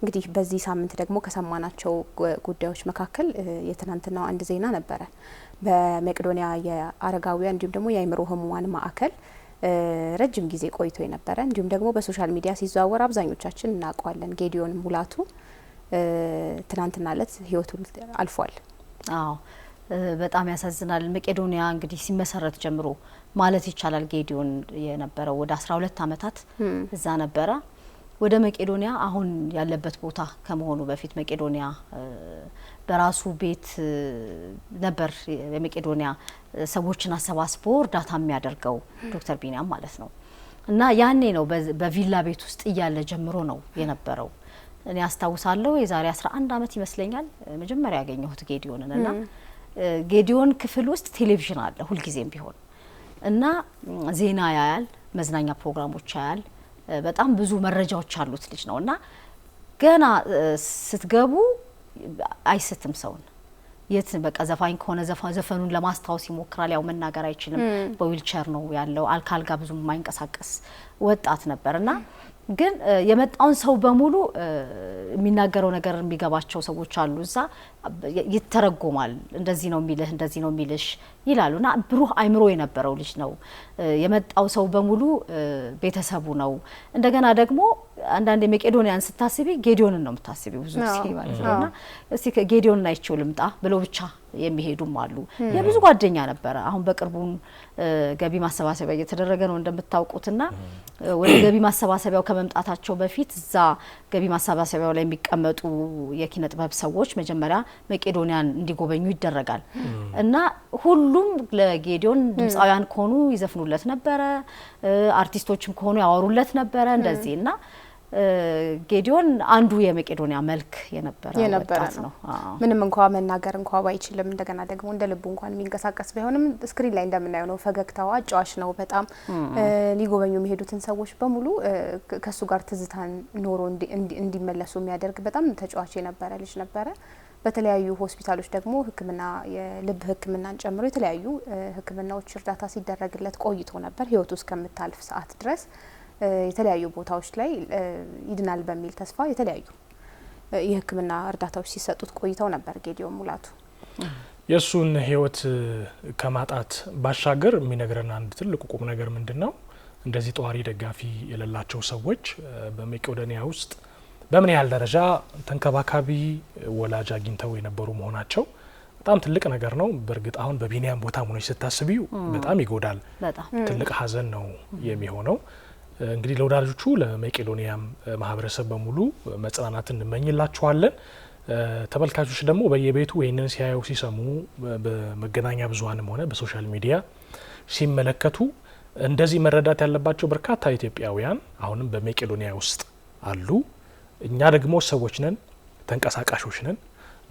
እንግዲህ በዚህ ሳምንት ደግሞ ከሰማናቸው ጉዳዮች መካከል የትናንትናው አንድ ዜና ነበረ። በመቄዶንያ የአረጋውያን እንዲሁም ደግሞ የአይምሮ ህሙማን ማዕከል ረጅም ጊዜ ቆይቶ የነበረ እንዲሁም ደግሞ በሶሻል ሚዲያ ሲዘዋወር አብዛኞቻችን እናውቀዋለን። ጌዲዮን ሙላቱ ትናንትና እለት ህይወቱ አልፏል። አዎ በጣም ያሳዝናል። መቄዶንያ እንግዲህ ሲመሰረት ጀምሮ ማለት ይቻላል ጌዲዮን የነበረው ወደ አስራ ሁለት አመታት እዛ ነበረ። ወደ መቄዶንያ አሁን ያለበት ቦታ ከመሆኑ በፊት መቄዶንያ በራሱ ቤት ነበር የመቄዶንያ ሰዎችን አሰባስቦ እርዳታ የሚያደርገው ዶክተር ቢኒያም ማለት ነው። እና ያኔ ነው በቪላ ቤት ውስጥ እያለ ጀምሮ ነው የነበረው። እኔ አስታውሳለሁ የዛሬ 11 ዓመት ይመስለኛል መጀመሪያ ያገኘሁት ጌዲዮንን እና ጌዲዮን ክፍል ውስጥ ቴሌቪዥን አለ ሁልጊዜም ቢሆን እና ዜና ያያል፣ መዝናኛ ፕሮግራሞች ያያል በጣም ብዙ መረጃዎች ያሉት ልጅ ነው እና ገና ስትገቡ አይስትም ሰውን የት በቃ ዘፋኝ ከሆነ ዘፈኑን ለማስታወስ ይሞክራል። ያው መናገር አይችልም፣ በዊልቸር ነው ያለው። አልካልጋ ብዙም የማይንቀሳቀስ ወጣት ነበር እና ግን የመጣውን ሰው በሙሉ የሚናገረው ነገር የሚገባቸው ሰዎች አሉ። እዛ ይተረጎማል። እንደዚህ ነው የሚልህ እንደዚህ ነው የሚልሽ ይላሉ። እና ብሩህ አይምሮ የነበረው ልጅ ነው። የመጣው ሰው በሙሉ ቤተሰቡ ነው። እንደገና ደግሞ አንዳንድ የመቄዶንያን ስታስቢ ጌዲዮንን ነው የምታስቢ ብዙ ጊዜ ማለት ነው። እና እስቲ ጌዲዮንን አይቼው ልምጣ ብሎ ብቻ የሚሄዱም አሉ። የብዙ ጓደኛ ነበረ። አሁን በቅርቡን ገቢ ማሰባሰቢያ እየተደረገ ነው እንደምታውቁትና ወደ ገቢ ማሰባሰቢያው ከመምጣታቸው በፊት እዛ ገቢ ማሰባሰቢያው ላይ የሚቀመጡ የኪነ ጥበብ ሰዎች መጀመሪያ መቄዶንያን እንዲጎበኙ ይደረጋል እና ሁሉም ለጌዲዮን ድምፃውያን ከሆኑ ይዘፍኑለት ነበረ፣ አርቲስቶችም ከሆኑ ያወሩለት ነበረ እንደዚህ እና ጌዲዮን አንዱ የመቄዶንያ መልክ የነበረ ወጣት ነው። ምንም እንኳ መናገር እንኳ ባይችልም እንደገና ደግሞ እንደ ልቡ እንኳን የሚንቀሳቀስ ባይሆንም ስክሪን ላይ እንደምናየው ነው። ፈገግታው አጫዋች ነው በጣም ሊጎበኙ የሚሄዱትን ሰዎች በሙሉ ከእሱ ጋር ትዝታን ኖሮ እንዲመለሱ የሚያደርግ በጣም ተጫዋች የነበረ ልጅ ነበረ። በተለያዩ ሆስፒታሎች ደግሞ ሕክምና የልብ ሕክምናን ጨምሮ የተለያዩ ሕክምናዎች እርዳታ ሲደረግለት ቆይቶ ነበር ህይወቱ እስከምታልፍ ሰዓት ድረስ የተለያዩ ቦታዎች ላይ ይድናል በሚል ተስፋ የተለያዩ የሕክምና እርዳታዎች ሲሰጡት ቆይተው ነበር። ጌዲዮን ሙላቱ የእሱን ህይወት ከማጣት ባሻገር የሚነግረን አንድ ትልቅ ቁም ነገር ምንድን ነው? እንደዚህ ጠዋሪ ደጋፊ የሌላቸው ሰዎች በመቄዶንያ ውስጥ በምን ያህል ደረጃ ተንከባካቢ ወላጅ አግኝተው የነበሩ መሆናቸው በጣም ትልቅ ነገር ነው። በእርግጥ አሁን በቢኒያም ቦታ ሆነች ስታስቢው በጣም ይጎዳል። ትልቅ ሀዘን ነው የሚሆነው። እንግዲህ ለወዳጆቹ ለመቄዶንያም ማህበረሰብ በሙሉ መጽናናት እንመኝላችኋለን። ተመልካቾች ደግሞ በየቤቱ ይህንን ሲያዩ ሲሰሙ፣ በመገናኛ ብዙሀንም ሆነ በሶሻል ሚዲያ ሲመለከቱ እንደዚህ መረዳት ያለባቸው በርካታ ኢትዮጵያውያን አሁንም በመቄዶንያ ውስጥ አሉ። እኛ ደግሞ ሰዎች ነን፣ ተንቀሳቃሾች ነን።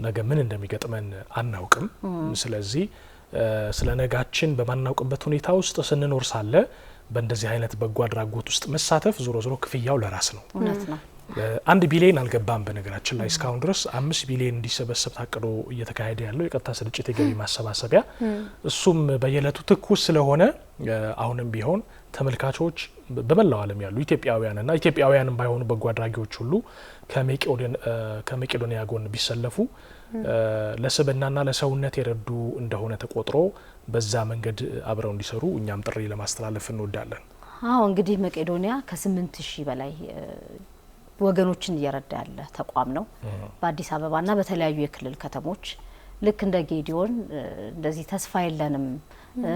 ነገ ምን እንደሚገጥመን አናውቅም። ስለዚህ ስለ ነጋችን በማናውቅበት ሁኔታ ውስጥ ስንኖር ሳለ በእንደዚህ አይነት በጎ አድራጎት ውስጥ መሳተፍ ዞሮ ዞሮ ክፍያው ለራስ ነው። አንድ ቢሊየን አልገባም። በነገራችን ላይ እስካሁን ድረስ አምስት ቢሊየን እንዲሰበሰብ ታቅዶ እየተካሄደ ያለው የቀጥታ ስርጭት የገቢ ማሰባሰቢያ እሱም በየዕለቱ ትኩስ ስለሆነ አሁንም ቢሆን ተመልካቾች በመላው ዓለም ያሉ ኢትዮጵያውያንና ኢትዮጵያውያንም ባይሆኑ በጎ አድራጊዎች ሁሉ ከመቄዶንያ ጎን ቢሰለፉ ለስብናና ለሰውነት የረዱ እንደሆነ ተቆጥሮ በዛ መንገድ አብረው እንዲሰሩ እኛም ጥሪ ለማስተላለፍ እንወዳለን። አዎ እንግዲህ መቄዶንያ ከስምንት ሺህ በላይ ወገኖችን እየረዳ ያለ ተቋም ነው። በአዲስ አበባና በተለያዩ የክልል ከተሞች ልክ እንደ ጌዲዮን እንደዚህ ተስፋ የለንም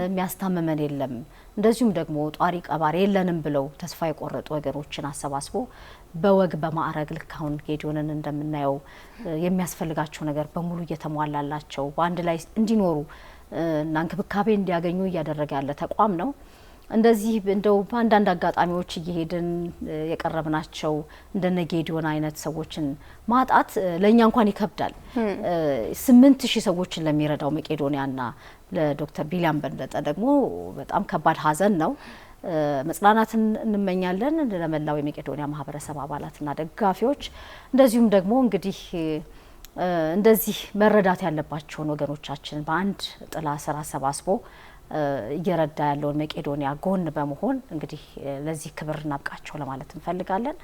የሚያስታምመን የለም እንደዚሁም ደግሞ ጧሪ ቀባሪ የለንም ብለው ተስፋ የቆረጡ ወገኖችን አሰባስቦ በወግ በማዕረግ ልክ አሁን ጌዲዮንን እንደምናየው የሚያስፈልጋቸው ነገር በሙሉ እየተሟላላቸው በአንድ ላይ እንዲኖሩ እና እንክብካቤ እንዲያገኙ እያደረገ ያለ ተቋም ነው። እንደዚህ እንደው በአንዳንድ አጋጣሚዎች እየሄድን የቀረብናቸው እንደነ ጌዲዮን አይነት ሰዎችን ማጣት ለእኛ እንኳን ይከብዳል። ስምንት ሺህ ሰዎችን ለሚረዳው መቄዶንያና ለዶክተር ቢሊያም በለጠ ደግሞ በጣም ከባድ ሀዘን ነው። መጽናናትን እንመኛለን ለመላው የመቄዶንያ ማህበረሰብ አባላትና ደጋፊዎች እንደዚሁም ደግሞ እንግዲህ እንደዚህ መረዳት ያለባቸውን ወገኖቻችን በአንድ ጥላ ስር አሰባስቦ እየረዳ ያለውን መቄዶንያ ጎን በመሆን እንግዲህ ለዚህ ክብር እናብቃቸው ለማለት እንፈልጋለን።